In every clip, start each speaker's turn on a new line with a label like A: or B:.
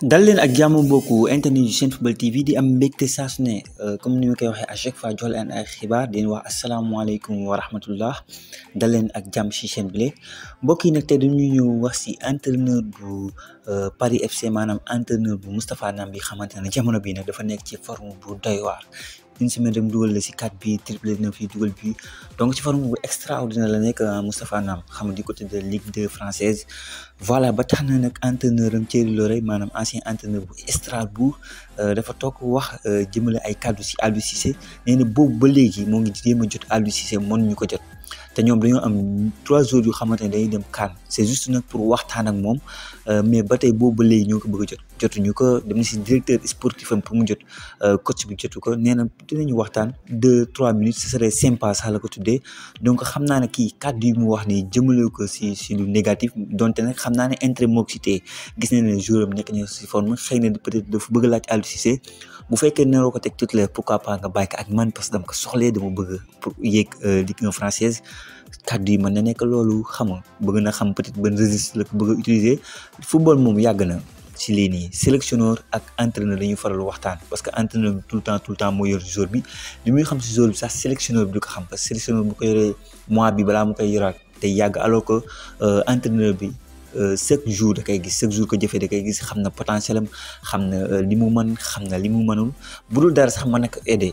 A: dal leen ak jàmm mbokku internet yu seen football tv di am mbégte saa su ne euh, comme ni ma koy waxee à chaque fois jox leen ay xibaar din waa wax asalaamaaleykum wa rahmatullah dal leen ak jàmm si chaîne bile mbokk yi nag tey dañu ñëw wax si entraîneur bu euh, Paris FC maanaam entraîneur bu Moustapha Nam bi xamante ne jamono bi nag dafa nekk ci form bu doy waar une semaine rek mu dugal 4 bi triplé na fi dugal bi donc ci forme extraordinaire la nek euh, Moustapha Nam xam nga du côté de Ligue 2 française voilà ba tax na nag entraîneur am Thierry Loret maanaam ancien entraîneur bu Strasbourg euh, dafa tok wax euh, jëmale ay kàddu ci Aliou Cissé nee bobu ba légui mo ngi jéem a jot Aliou Cissé mon ñu ko jot té ñom dañu am 3 jours yu xamante ne dañuy dem kaan c'est juste nak pour waxtaan ak moom mais batay bobu boobu ba léegi ñoo bëgg jot jotuñu ko dem ci directeur sportif am pour mu jot coach bi jotu ko néna dinañu waxtaan 2 3 minutes ce serait sympa ça la ko tuddee donc xamna naa ki kii kàddu yi mu wax ni jëmale ko ci ci lu négatif donté nak xamna naa ne intérêt gis na ne joueur am nekk na forme xeyna na peut être dafa bëgg laaj Aliou Cissé bu fekkee naroo ko teg titulaire pourquoi pas nga bàyyi ak man parce que dama ko soxlé dama bëgg pour yéeg euh, Ligue 1 française kàddu yi mën na nek lolu xam bëgg na xam peut être ban registre la bëgg utiliser football moom yag na ci lii nii sélectionneur ak entraîneur dañuy faral waxtaan parce que entraîneur bi tout le temps tout le temps moo yor joueur bi li muy xam si joueur bi sax sélectionneur bi du ko xam parce que sélectionneur bu ko yoree mois bi balaa mu koy yoraat te yàgg alors que euh, entraîneur bi euh, chaque jour da kay gis chaque jour ko jëfee da koy gis xam na potentiel am xam na euh, li mu mën xam na li mu mënul bu dul dara sax mën na ko aider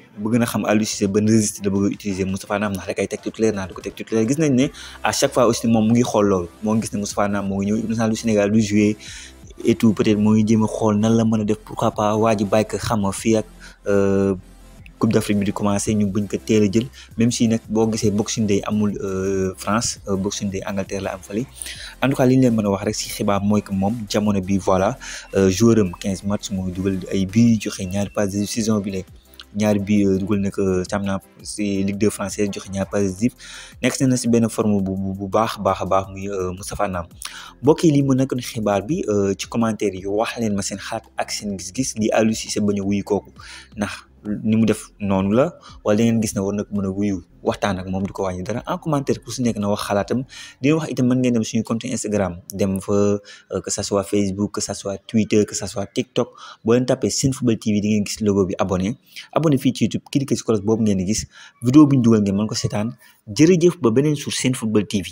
A: bëgg na xam Aliou Cissé ban registre la bëgg a utiliser Moustapha Nam ndax rek ay teg titulaire naa du ko teg titulaire gis nañ ne à chaque fois aussi moom mu ngi xool loolu moo gis ne Moustapha Nam moo ngi ñëw national du Sénégal du jouer et tout peut-être moo ngi jéem a xool nan la mën a def pourquoi pas waa ji bàyyi ko xam nga fii ak euh, Coupe d'Afrique bi di commencé ñu buñ ko teel a jël même si nag boo gisee Boxing Day amul euh, France euh, Boxing Day Angleterre la am fële en tout cas li ñu leen mën a wax rek si xibaar mooy que moom jamono bi voilà joueur am 15 matchs mooy ngi dugal ay bii joxe ñaari passe de saison bi léegi. ñaar bi dugal na ko tam na si Ligue 2 française joxe ñaar positif nekk na si benn forme bu bu baax baax a baax muy euh, Moustapha Nam mbokk yi lii mu nekkoon xibaar bi euh, ci commentaire yi wax leen ma seen xaat ak seen gis-gis li Aliou Cissé bañ a wuyu nax ni mu def noonu la wala da ngeen gis ne war na ko mën a wuyu waxtaan ak moom di ko wàññi dara en commentaire ku si nekk na wax xalaatam di wax itam mën ngeen dem suñu compte Instagram dem fa euh, que ça soit Facebook que ça soit Twitter que ça soit TikTok boo leen tapé Senfootball TV di ngeen gis logo bi abonné abonné fii ci YouTube cliquer si cloche boobu ngeen di gis vidéo bi ñu dugal ngeen mën ko seetaan jërëjëf ba beneen sur Senfootball TV.